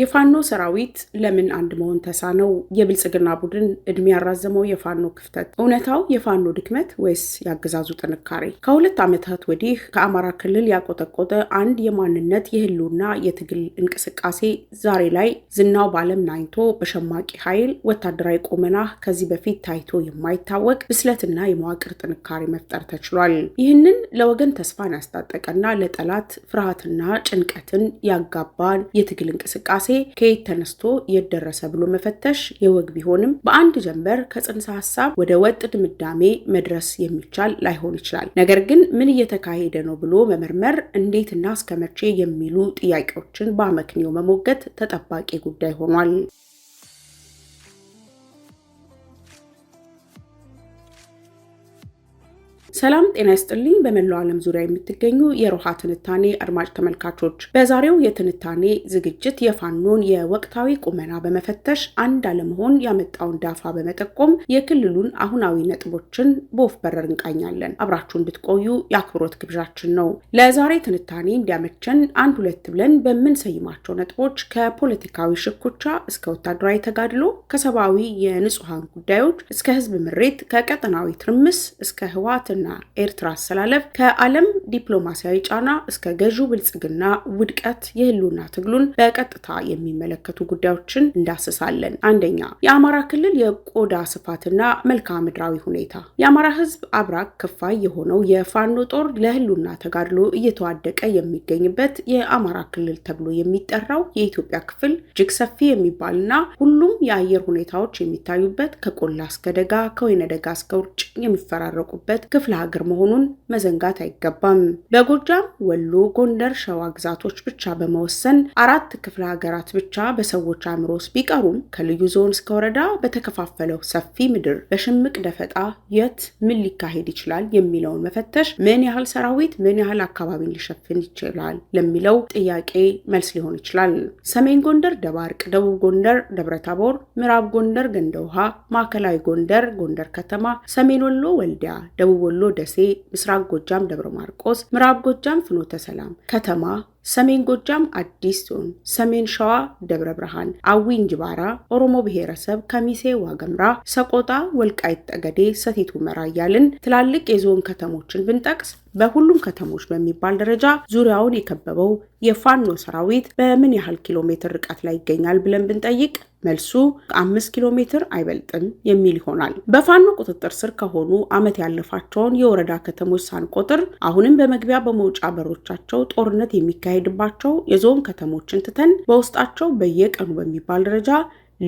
የፋኖ ሰራዊት ለምን አንድ መሆን ተሳነው? የብልጽግና ቡድን እድሜ ያራዘመው የፋኖ ክፍተት እውነታው የፋኖ ድክመት ወይስ ያገዛዙ ጥንካሬ? ከሁለት ዓመታት ወዲህ ከአማራ ክልል ያቆጠቆጠ አንድ የማንነት የህልውና የትግል እንቅስቃሴ ዛሬ ላይ ዝናው በዓለም ናኝቶ በሸማቂ ኃይል ወታደራዊ ቁመና ከዚህ በፊት ታይቶ የማይታወቅ ብስለትና የመዋቅር ጥንካሬ መፍጠር ተችሏል። ይህንን ለወገን ተስፋን ያስታጠቀና ለጠላት ፍርሃትና ጭንቀትን ያጋባን የትግል እንቅስቃሴ እንቅስቃሴ ከየት ተነስቶ የት ደረሰ ብሎ መፈተሽ የወግ ቢሆንም በአንድ ጀንበር ከጽንሰ ሀሳብ ወደ ወጥ ድምዳሜ መድረስ የሚቻል ላይሆን ይችላል። ነገር ግን ምን እየተካሄደ ነው ብሎ መመርመር፣ እንዴትና እስከመቼ የሚሉ ጥያቄዎችን በአመክንዮ መሞገት ተጠባቂ ጉዳይ ሆኗል። ሰላም ጤና ይስጥልኝ። በመላው ዓለም ዙሪያ የምትገኙ የሮሃ ትንታኔ አድማጭ ተመልካቾች፣ በዛሬው የትንታኔ ዝግጅት የፋኖን የወቅታዊ ቁመና በመፈተሽ አንድ አለመሆን ያመጣውን ዳፋ በመጠቆም የክልሉን አሁናዊ ነጥቦችን በወፍ በረር እንቃኛለን። አብራችሁ እንድትቆዩ የአክብሮት ግብዣችን ነው። ለዛሬ ትንታኔ እንዲያመቸን አንድ ሁለት ብለን በምንሰይማቸው ነጥቦች ከፖለቲካዊ ሽኩቻ እስከ ወታደራዊ ተጋድሎ፣ ከሰብአዊ የንጹሐን ጉዳዮች እስከ ህዝብ ምሬት፣ ከቀጠናዊ ትርምስ እስከ ህወሓት ግብፅና ኤርትራ አሰላለፍ ከዓለም ዲፕሎማሲያዊ ጫና እስከ ገዢው ብልጽግና ውድቀት የህልውና ትግሉን በቀጥታ የሚመለከቱ ጉዳዮችን እንዳስሳለን። አንደኛ፣ የአማራ ክልል የቆዳ ስፋትና መልክዓ ምድራዊ ሁኔታ። የአማራ ህዝብ አብራክ ክፋይ የሆነው የፋኖ ጦር ለህልውና ተጋድሎ እየተዋደቀ የሚገኝበት የአማራ ክልል ተብሎ የሚጠራው የኢትዮጵያ ክፍል እጅግ ሰፊ የሚባልና ሁሉም የአየር ሁኔታዎች የሚታዩበት ከቆላ እስከ ደጋ ከወይነ ደጋ እስከ ውርጭ የሚፈራረቁበት ክፍል ክፍለ ሀገር መሆኑን መዘንጋት አይገባም። በጎጃም፣ ወሎ፣ ጎንደር፣ ሸዋ ግዛቶች ብቻ በመወሰን አራት ክፍለ ሀገራት ብቻ በሰዎች አእምሮ ውስጥ ቢቀሩም ከልዩ ዞን እስከ ወረዳ በተከፋፈለው ሰፊ ምድር በሽምቅ ደፈጣ የት ምን ሊካሄድ ይችላል የሚለውን መፈተሽ ምን ያህል ሰራዊት ምን ያህል አካባቢን ሊሸፍን ይችላል ለሚለው ጥያቄ መልስ ሊሆን ይችላል። ሰሜን ጎንደር ደባርቅ፣ ደቡብ ጎንደር ደብረታቦር፣ ምዕራብ ጎንደር ገንደውሃ፣ ውሃ፣ ማዕከላዊ ጎንደር ጎንደር ከተማ፣ ሰሜን ወሎ ወልዲያ፣ ደቡብ ወሎ ደሴ፣ ምስራቅ ጎጃም ደብረ ማርቆስ፣ ምዕራብ ጎጃም ፍኖተ ሰላም ከተማ ሰሜን ጎጃም አዲስ ሲሆን ሰሜን ሸዋ ደብረ ብርሃን፣ አዊ እንጅባራ፣ ኦሮሞ ብሔረሰብ ከሚሴ ዋገምራ፣ ሰቆጣ፣ ወልቃይት ጠገዴ፣ ሰቲት ሁመራ እያልን ትላልቅ የዞን ከተሞችን ብንጠቅስ በሁሉም ከተሞች በሚባል ደረጃ ዙሪያውን የከበበው የፋኖ ሰራዊት በምን ያህል ኪሎ ሜትር ርቀት ላይ ይገኛል ብለን ብንጠይቅ መልሱ አምስት ኪሎ ሜትር አይበልጥም የሚል ይሆናል። በፋኖ ቁጥጥር ስር ከሆኑ ዓመት ያለፋቸውን የወረዳ ከተሞች ሳንቆጥር አሁንም በመግቢያ በመውጫ በሮቻቸው ጦርነት የሚካሄድባቸው የዞን ከተሞችን ትተን በውስጣቸው በየቀኑ በሚባል ደረጃ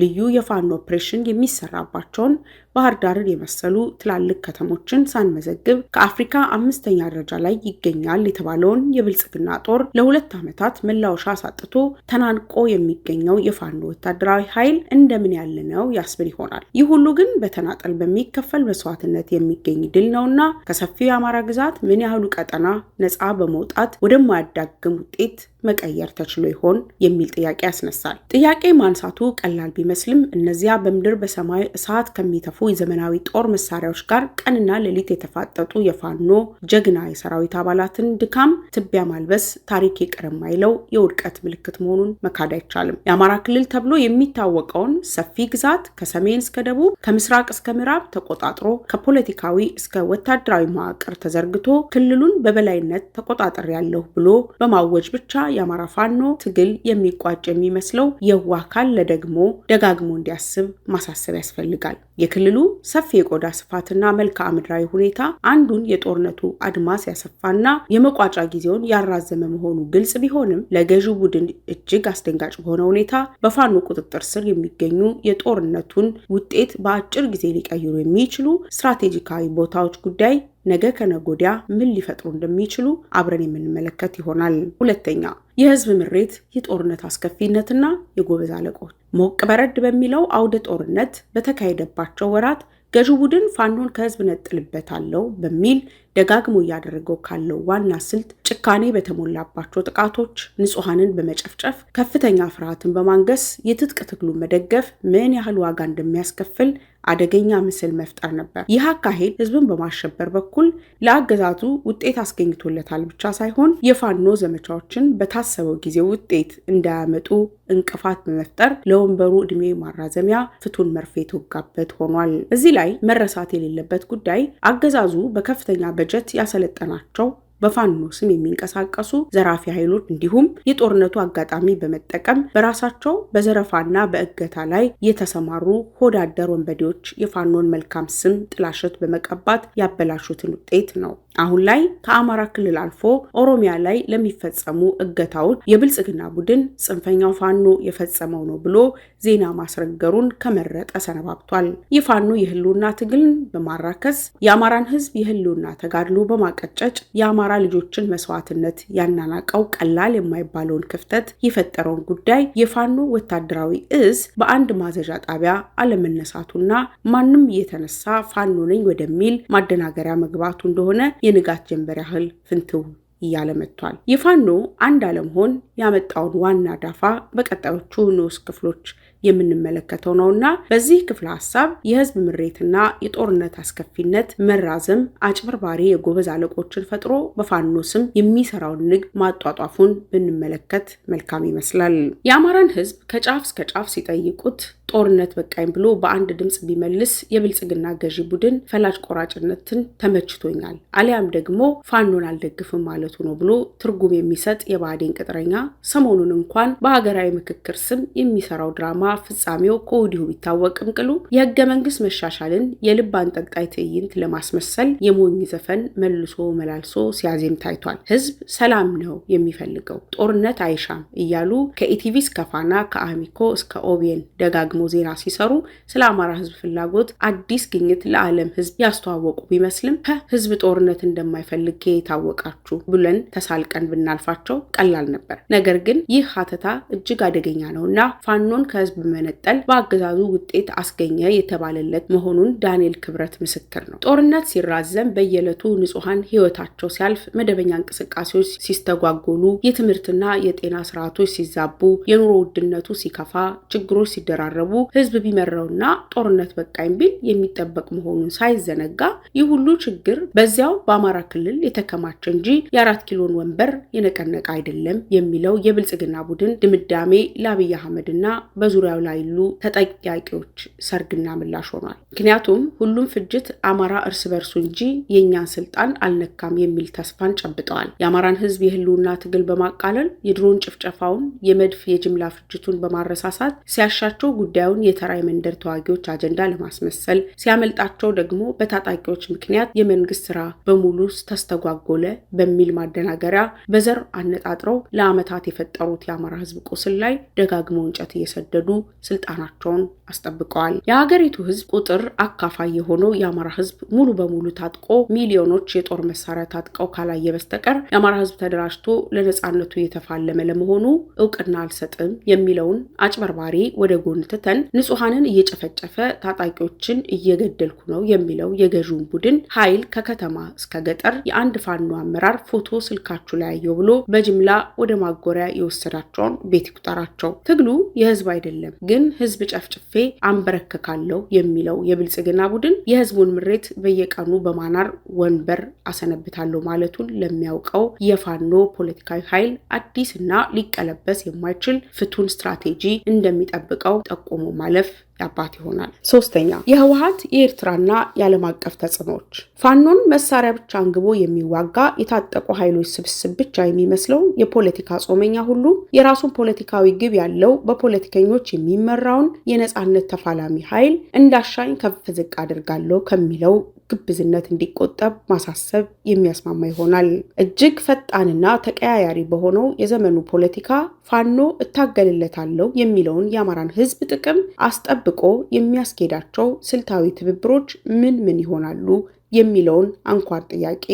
ልዩ የፋኖ ኦፕሬሽን የሚሰራባቸውን ባህር ዳርን የመሰሉ ትላልቅ ከተሞችን ሳንመዘግብ ከአፍሪካ አምስተኛ ደረጃ ላይ ይገኛል የተባለውን የብልጽግና ጦር ለሁለት ዓመታት መላወሻ አሳጥቶ ተናንቆ የሚገኘው የፋኖ ወታደራዊ ኃይል እንደምን ያለ ነው ያስብል ይሆናል። ይህ ሁሉ ግን በተናጠል በሚከፈል መስዋዕትነት የሚገኝ ድል ነውና ከሰፊው የአማራ ግዛት ምን ያህሉ ቀጠና ነፃ በመውጣት ወደማያዳግም ውጤት መቀየር ተችሎ ይሆን የሚል ጥያቄ ያስነሳል። ጥያቄ ማንሳቱ ቀላል ቢመስልም እነዚያ በምድር በሰማይ እሳት ከሚተፉ የዘመናዊ ጦር መሳሪያዎች ጋር ቀንና ሌሊት የተፋጠጡ የፋኖ ጀግና የሰራዊት አባላትን ድካም ትቢያ ማልበስ ታሪክ ይቅር የማይለው የውድቀት ምልክት መሆኑን መካድ አይቻልም። የአማራ ክልል ተብሎ የሚታወቀውን ሰፊ ግዛት ከሰሜን እስከ ደቡብ፣ ከምስራቅ እስከ ምዕራብ ተቆጣጥሮ ከፖለቲካዊ እስከ ወታደራዊ መዋቅር ተዘርግቶ ክልሉን በበላይነት ተቆጣጠር ያለሁ ብሎ በማወጅ ብቻ የአማራ ፋኖ ትግል የሚቋጭ የሚመስለው የዋህ አካል ለደግሞ ደጋግሞ እንዲያስብ ማሳሰብ ያስፈልጋል። የክልሉ ያሉ ሰፊ የቆዳ ስፋትና መልክዓ ምድራዊ ሁኔታ አንዱን የጦርነቱ አድማስ ያሰፋና የመቋጫ ጊዜውን ያራዘመ መሆኑ ግልጽ ቢሆንም ለገዢው ቡድን እጅግ አስደንጋጭ በሆነ ሁኔታ በፋኖ ቁጥጥር ስር የሚገኙ የጦርነቱን ውጤት በአጭር ጊዜ ሊቀይሩ የሚችሉ ስትራቴጂካዊ ቦታዎች ጉዳይ ነገ ከነጎዲያ ምን ሊፈጥሩ እንደሚችሉ አብረን የምንመለከት ይሆናል። ሁለተኛ፣ የህዝብ ምሬት፣ የጦርነት አስከፊነትና የጎበዝ አለቆች ሞቅ በረድ በሚለው አውደ ጦርነት በተካሄደባቸው ወራት ገዢው ቡድን ፋኖን ከህዝብ ነጥልበታለሁ በሚል ደጋግሞ እያደረገው ካለው ዋና ስልት ጭካኔ በተሞላባቸው ጥቃቶች ንጹሐንን በመጨፍጨፍ ከፍተኛ ፍርሃትን በማንገስ የትጥቅ ትግሉን መደገፍ ምን ያህል ዋጋ እንደሚያስከፍል አደገኛ ምስል መፍጠር ነበር። ይህ አካሄድ ህዝብን በማሸበር በኩል ለአገዛዙ ውጤት አስገኝቶለታል ብቻ ሳይሆን የፋኖ ዘመቻዎችን በታሰበው ጊዜ ውጤት እንዳያመጡ እንቅፋት በመፍጠር ለወንበሩ ዕድሜ ማራዘሚያ ፍቱን መርፌ የተወጋበት ሆኗል። እዚህ ላይ መረሳት የሌለበት ጉዳይ አገዛዙ በከፍተኛ በጀት ያሰለጠናቸው በፋኖ ስም የሚንቀሳቀሱ ዘራፊ ኃይሎች እንዲሁም የጦርነቱ አጋጣሚ በመጠቀም በራሳቸው በዘረፋና በእገታ ላይ የተሰማሩ ሆዳደር ወንበዴዎች የፋኖን መልካም ስም ጥላሸት በመቀባት ያበላሹትን ውጤት ነው። አሁን ላይ ከአማራ ክልል አልፎ ኦሮሚያ ላይ ለሚፈጸሙ እገታዎች የብልጽግና ቡድን ጽንፈኛው ፋኖ የፈጸመው ነው ብሎ ዜና ማስረገሩን ከመረጠ ሰነባብቷል። ይህ ፋኖ የህልውና ትግልን በማራከስ የአማራን ህዝብ የህልውና ተጋድሎ በማቀጨጭ የአማራ ልጆችን መስዋዕትነት ያናናቀው ቀላል የማይባለውን ክፍተት የፈጠረውን ጉዳይ የፋኖ ወታደራዊ እዝ በአንድ ማዘዣ ጣቢያ አለመነሳቱና ማንም እየተነሳ ፋኖ ነኝ ወደሚል ማደናገሪያ መግባቱ እንደሆነ የንጋት ጀንበር ያህል ፍንትው እያለ መጥቷል። የፋኖ አንድ አለመሆን ያመጣውን ዋና ዳፋ በቀጣዮቹ ንዑስ ክፍሎች የምንመለከተው ነውና በዚህ ክፍለ ሀሳብ የህዝብ ምሬትና የጦርነት አስከፊነት መራዘም አጭበርባሪ የጎበዝ አለቆችን ፈጥሮ በፋኖ ስም የሚሰራውን ንግድ ማጧጧፉን ብንመለከት መልካም ይመስላል። የአማራን ህዝብ ከጫፍ እስከ ጫፍ ሲጠይቁት ጦርነት በቃኝ ብሎ በአንድ ድምፅ ቢመልስ የብልጽግና ገዢ ቡድን ፈላጭ ቆራጭነትን ተመችቶኛል አሊያም ደግሞ ፋኖን አልደግፍም ማለቱ ነው ብሎ ትርጉም የሚሰጥ የባህዴን ቅጥረኛ ሰሞኑን እንኳን በሀገራዊ ምክክር ስም የሚሰራው ድራማ ፍጻሜው ከወዲሁ ቢታወቅም ቅሉ የህገ መንግስት መሻሻልን የልብ አንጠልጣይ ትዕይንት ለማስመሰል የሞኝ ዘፈን መልሶ መላልሶ ሲያዜም ታይቷል። ህዝብ ሰላም ነው የሚፈልገው ጦርነት አይሻም እያሉ ከኢቲቪ እስከ ፋና ከአሚኮ እስከ ኦቢኤን ደጋግ ደግሞ ዜና ሲሰሩ ስለ አማራ ህዝብ ፍላጎት አዲስ ግኝት ለዓለም ህዝብ ያስተዋወቁ ቢመስልም ከህዝብ ጦርነት እንደማይፈልግ የታወቃችሁ ብለን ተሳልቀን ብናልፋቸው ቀላል ነበር። ነገር ግን ይህ ሀተታ እጅግ አደገኛ ነውና ፋኖን ከህዝብ መነጠል በአገዛዙ ውጤት አስገኘ የተባለለት መሆኑን ዳንኤል ክብረት ምስክር ነው። ጦርነት ሲራዘም በየዕለቱ ንጹሐን ህይወታቸው ሲያልፍ፣ መደበኛ እንቅስቃሴዎች ሲስተጓጎሉ፣ የትምህርትና የጤና ስርዓቶች ሲዛቡ፣ የኑሮ ውድነቱ ሲከፋ፣ ችግሮች ሲደራረቡ በቅርቡ ህዝብ ቢመረውና ጦርነት በቃኝ ቢል የሚጠበቅ መሆኑን ሳይዘነጋ ይህ ሁሉ ችግር በዚያው በአማራ ክልል የተከማቸ እንጂ የአራት ኪሎን ወንበር የነቀነቀ አይደለም የሚለው የብልጽግና ቡድን ድምዳሜ ለአብይ አህመድና በዙሪያው ላይሉ ተጠያቂዎች ሰርግና ምላሽ ሆኗል። ምክንያቱም ሁሉም ፍጅት አማራ እርስ በርሱ እንጂ የእኛን ስልጣን አልነካም የሚል ተስፋን ጨብጠዋል። የአማራን ህዝብ የህልውና ትግል በማቃለል የድሮን ጭፍጨፋውን፣ የመድፍ የጅምላ ፍጅቱን በማረሳሳት ሲያሻቸው ጉዳይ ጉዳዩን የተራይ መንደር ተዋጊዎች አጀንዳ ለማስመሰል ሲያመልጣቸው ደግሞ በታጣቂዎች ምክንያት የመንግስት ስራ በሙሉ ተስተጓጎለ በሚል ማደናገሪያ በዘር አነጣጥረው ለአመታት የፈጠሩት የአማራ ህዝብ ቁስል ላይ ደጋግመው እንጨት እየሰደዱ ስልጣናቸውን አስጠብቀዋል። የሀገሪቱ ህዝብ ቁጥር አካፋይ የሆነው የአማራ ህዝብ ሙሉ በሙሉ ታጥቆ ሚሊዮኖች የጦር መሳሪያ ታጥቀው ካላየ በስተቀር የአማራ ህዝብ ተደራጅቶ ለነጻነቱ እየተፋለመ ለመሆኑ እውቅና አልሰጥም የሚለውን አጭበርባሪ ወደ ጎን ትተን ገብተን ንጹሐንን እየጨፈጨፈ ታጣቂዎችን እየገደልኩ ነው የሚለው የገዢውን ቡድን ኃይል ከከተማ እስከ ገጠር የአንድ ፋኖ አመራር ፎቶ ስልካችሁ ላይ ያየው ብሎ በጅምላ ወደ ማጎሪያ የወሰዳቸውን ቤት ይቁጠራቸው። ትግሉ የህዝብ አይደለም፣ ግን ህዝብ ጨፍጭፌ አንበረከካለሁ የሚለው የብልጽግና ቡድን የህዝቡን ምሬት በየቀኑ በማናር ወንበር አሰነብታለሁ ማለቱን ለሚያውቀው የፋኖ ፖለቲካዊ ኃይል አዲስና ሊቀለበስ የማይችል ፍቱን ስትራቴጂ እንደሚጠብቀው ጠቁ ቆሞ ማለፍ አባት ይሆናል። ሶስተኛ የህወሀት የኤርትራና የዓለም አቀፍ ተጽዕኖዎች ፋኖን መሳሪያ ብቻ አንግቦ የሚዋጋ የታጠቁ ኃይሎች ስብስብ ብቻ የሚመስለው የፖለቲካ ጾመኛ ሁሉ የራሱን ፖለቲካዊ ግብ ያለው በፖለቲከኞች የሚመራውን የነጻነት ተፋላሚ ኃይል እንዳሻኝ ከፍ ዝቅ አድርጋለሁ ከሚለው ግብዝነት እንዲቆጠብ ማሳሰብ የሚያስማማ ይሆናል። እጅግ ፈጣንና ተቀያያሪ በሆነው የዘመኑ ፖለቲካ ፋኖ እታገልለታለሁ የሚለውን የአማራን ህዝብ ጥቅም አስጠብ ጠብቆ የሚያስኬዳቸው ስልታዊ ትብብሮች ምን ምን ይሆናሉ የሚለውን አንኳር ጥያቄ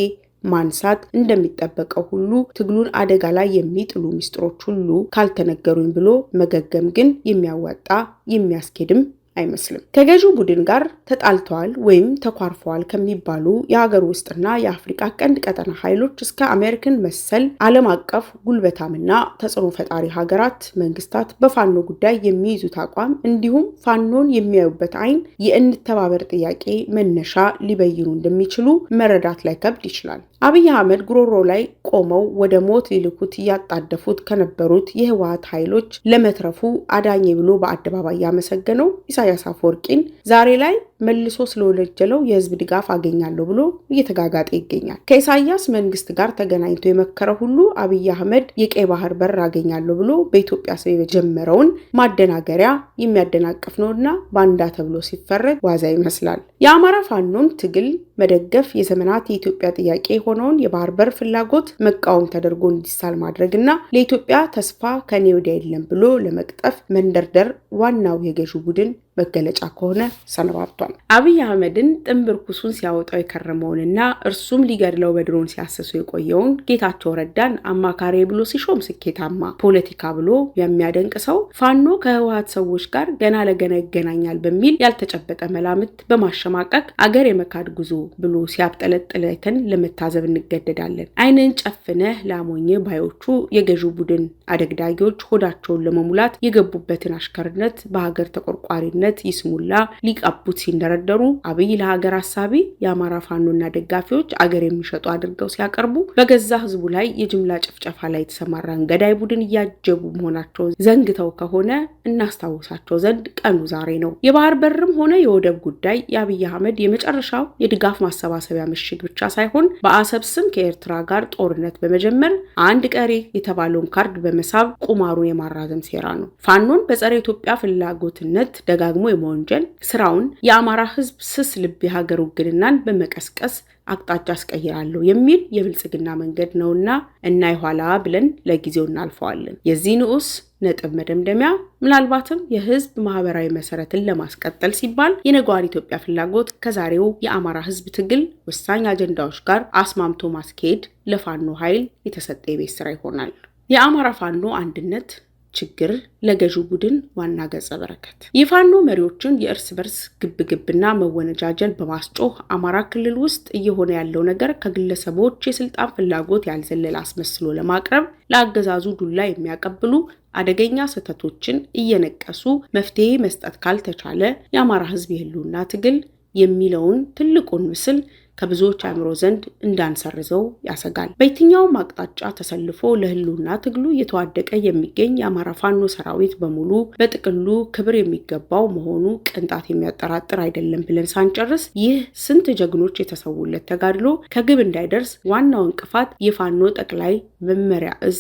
ማንሳት እንደሚጠበቀው ሁሉ ትግሉን አደጋ ላይ የሚጥሉ ምስጢሮች ሁሉ ካልተነገሩኝ ብሎ መገገም ግን የሚያዋጣ የሚያስኬድም አይመስልም። ከገዢው ቡድን ጋር ተጣልተዋል ወይም ተኳርፈዋል ከሚባሉ የሀገር ውስጥና የአፍሪቃ ቀንድ ቀጠና ኃይሎች እስከ አሜሪካን መሰል ዓለም አቀፍ ጉልበታምና ተጽዕኖ ፈጣሪ ሀገራት መንግስታት በፋኖ ጉዳይ የሚይዙት አቋም እንዲሁም ፋኖን የሚያዩበት አይን የእንተባበር ጥያቄ መነሻ ሊበይኑ እንደሚችሉ መረዳት ላይ ከብድ ይችላል። አብይ አህመድ ጉሮሮ ላይ ቆመው ወደ ሞት ሊልኩት እያጣደፉት ከነበሩት የህወሀት ኃይሎች ለመትረፉ አዳኝ ብሎ በአደባባይ ያመሰገነው ኢሳያስ አፈወርቂን ዛሬ ላይ መልሶ ስለወለጀለው የህዝብ ድጋፍ አገኛለሁ ብሎ እየተጋጋጠ ይገኛል። ከኢሳያስ መንግስት ጋር ተገናኝቶ የመከረ ሁሉ አብይ አህመድ የቀይ ባህር በር አገኛለሁ ብሎ በኢትዮጵያ ስም የጀመረውን ማደናገሪያ የሚያደናቅፍ ነውና ባንዳ ተብሎ ሲፈረድ ዋዛ ይመስላል። የአማራ ፋኖን ትግል መደገፍ የዘመናት የኢትዮጵያ ጥያቄ የሆነውን የባህር በር ፍላጎት መቃወም ተደርጎ እንዲሳል ማድረግና ለኢትዮጵያ ተስፋ ከኔ ወዲያ የለም ብሎ ለመቅጠፍ መንደርደር ዋናው የገዢው ቡድን መገለጫ ከሆነ ሰነባብቷል። አብይ አህመድን ጥንብር ኩሱን ሲያወጣው የከረመውንና እርሱም ሊገድለው በድሮን ሲያሰሱ የቆየውን ጌታቸው ረዳን አማካሪ ብሎ ሲሾም ስኬታማ ፖለቲካ ብሎ የሚያደንቅ ሰው ፋኖ ከህወሀት ሰዎች ጋር ገና ለገና ይገናኛል በሚል ያልተጨበጠ መላምት በማሸማቀቅ አገር የመካድ ጉዞ ብሎ ሲያብጠለጥለትን ለመታዘብ እንገደዳለን። አይንን ጨፍነህ ላሞኝ ባዮቹ የገዢው ቡድን አደግዳጊዎች ሆዳቸውን ለመሙላት የገቡበትን አሽከርነት በሀገር ተቆርቋሪነት አብነት ይስሙላ ሊቀቡት ሲንደረደሩ አብይ ለሀገር አሳቢ የአማራ ፋኖና ደጋፊዎች አገር የሚሸጡ አድርገው ሲያቀርቡ በገዛ ህዝቡ ላይ የጅምላ ጭፍጨፋ ላይ የተሰማራን ገዳይ ቡድን እያጀቡ መሆናቸው ዘንግተው ከሆነ እናስታውሳቸው ዘንድ ቀኑ ዛሬ ነው። የባህር በርም ሆነ የወደብ ጉዳይ የአብይ አህመድ የመጨረሻው የድጋፍ ማሰባሰቢያ ምሽግ ብቻ ሳይሆን በአሰብ ስም ከኤርትራ ጋር ጦርነት በመጀመር አንድ ቀሪ የተባለውን ካርድ በመሳብ ቁማሩን የማራዘም ሴራ ነው። ፋኖን በጸረ ኢትዮጵያ ፍላጎትነት ደጋ ደጋግሞ የመወንጀል ስራውን የአማራ ህዝብ ስስ ልብ የሀገር ውግንናን በመቀስቀስ አቅጣጫ አስቀይራለሁ የሚል የብልጽግና መንገድ ነውና እና የኋላ ብለን ለጊዜው እናልፈዋለን። የዚህ ንዑስ ነጥብ መደምደሚያ ምናልባትም የህዝብ ማህበራዊ መሰረትን ለማስቀጠል ሲባል የነገዋን ኢትዮጵያ ፍላጎት ከዛሬው የአማራ ህዝብ ትግል ወሳኝ አጀንዳዎች ጋር አስማምቶ ማስኬድ ለፋኖ ኃይል የተሰጠ የቤት ስራ ይሆናል። የአማራ ፋኖ አንድነት ችግር ለገዢው ቡድን ዋና ገጸ በረከት የፋኖ መሪዎችን የእርስ በርስ ግብግብና መወነጃጀን በማስጮህ አማራ ክልል ውስጥ እየሆነ ያለው ነገር ከግለሰቦች የስልጣን ፍላጎት ያልዘለል አስመስሎ ለማቅረብ ለአገዛዙ ዱላ የሚያቀብሉ አደገኛ ስህተቶችን እየነቀሱ መፍትሄ መስጠት ካልተቻለ የአማራ ሕዝብ የህልውና ትግል የሚለውን ትልቁን ምስል ከብዙዎች አእምሮ ዘንድ እንዳንሰርዘው ያሰጋል። በየትኛውም አቅጣጫ ተሰልፎ ለህልውና ትግሉ እየተዋደቀ የሚገኝ የአማራ ፋኖ ሰራዊት በሙሉ በጥቅሉ ክብር የሚገባው መሆኑ ቅንጣት የሚያጠራጥር አይደለም ብለን ሳንጨርስ ይህ ስንት ጀግኖች የተሰዉለት ተጋድሎ ከግብ እንዳይደርስ ዋናው እንቅፋት የፋኖ ጠቅላይ መመሪያ እዝ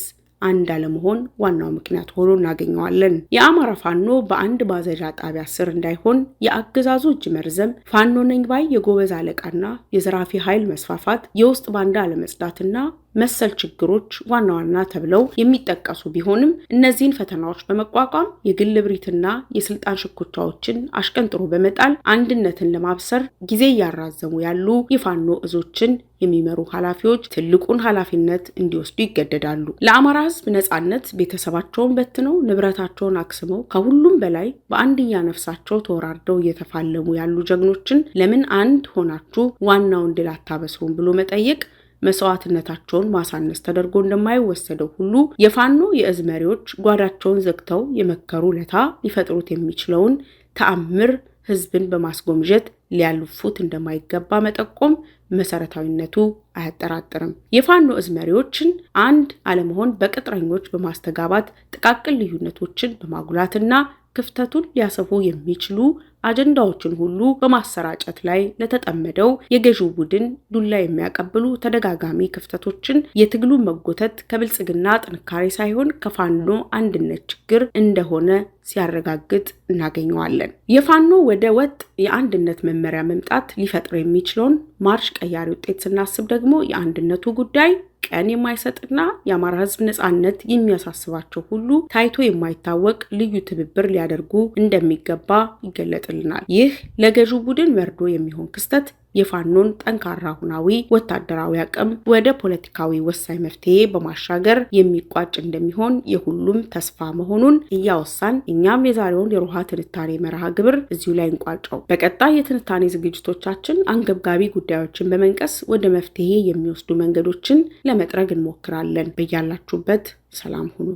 አንድ አለመሆን ዋናው ምክንያት ሆኖ እናገኘዋለን። የአማራ ፋኖ በአንድ ማዘዣ ጣቢያ ስር እንዳይሆን የአገዛዙ እጅ መርዘም፣ ፋኖ ነኝ ባይ የጎበዝ አለቃና የዘራፊ ኃይል መስፋፋት፣ የውስጥ ባንዳ አለመጽዳትና መሰል ችግሮች ዋና ዋና ተብለው የሚጠቀሱ ቢሆንም እነዚህን ፈተናዎች በመቋቋም የግል ብሪትና የስልጣን ሽኩቻዎችን አሽቀንጥሮ በመጣል አንድነትን ለማብሰር ጊዜ እያራዘሙ ያሉ የፋኖ እዞችን የሚመሩ ኃላፊዎች ትልቁን ኃላፊነት እንዲወስዱ ይገደዳሉ። ለአማራ ሕዝብ ነጻነት ቤተሰባቸውን በትነው ንብረታቸውን አክስመው ከሁሉም በላይ በአንድያ ነፍሳቸው ተወራርደው እየተፋለሙ ያሉ ጀግኖችን ለምን አንድ ሆናችሁ ዋናውን ድል አታበስሩም ብሎ መጠየቅ መስዋዕትነታቸውን ማሳነስ ተደርጎ እንደማይወሰደው ሁሉ የፋኖ የእዝ መሪዎች ጓዳቸውን ዘግተው የመከሩ ለታ ሊፈጥሩት የሚችለውን ተአምር ህዝብን በማስጎምጀት ሊያልፉት እንደማይገባ መጠቆም መሰረታዊነቱ አያጠራጥርም። የፋኖ እዝ መሪዎችን አንድ አለመሆን በቅጥረኞች በማስተጋባት ጥቃቅን ልዩነቶችን በማጉላትና ክፍተቱን ሊያሰፉ የሚችሉ አጀንዳዎችን ሁሉ በማሰራጨት ላይ ለተጠመደው የገዢው ቡድን ዱላ የሚያቀብሉ ተደጋጋሚ ክፍተቶችን የትግሉን መጎተት ከብልጽግና ጥንካሬ ሳይሆን ከፋኖ አንድነት ችግር እንደሆነ ሲያረጋግጥ እናገኘዋለን። የፋኖ ወደ ወጥ የአንድነት መመሪያ መምጣት ሊፈጥር የሚችለውን ማርሽ ቀያሪ ውጤት ስናስብ ደግሞ የአንድነቱ ጉዳይ ቀን የማይሰጥና የአማራ ህዝብ ነጻነት የሚያሳስባቸው ሁሉ ታይቶ የማይታወቅ ልዩ ትብብር ሊያደርጉ እንደሚገባ ይገለጥልናል። ይህ ለገዢው ቡድን መርዶ የሚሆን ክስተት የፋኖን ጠንካራ ሁናዊ ወታደራዊ አቅም ወደ ፖለቲካዊ ወሳኝ መፍትሄ በማሻገር የሚቋጭ እንደሚሆን የሁሉም ተስፋ መሆኑን እያወሳን እኛም የዛሬውን የሮሃ ትንታኔ መርሃ ግብር እዚሁ ላይ እንቋጨው። በቀጣይ የትንታኔ ዝግጅቶቻችን አንገብጋቢ ጉዳዮችን በመንቀስ ወደ መፍትሄ የሚወስዱ መንገዶችን ለመጥረግ እንሞክራለን። በያላችሁበት ሰላም ሁኑ።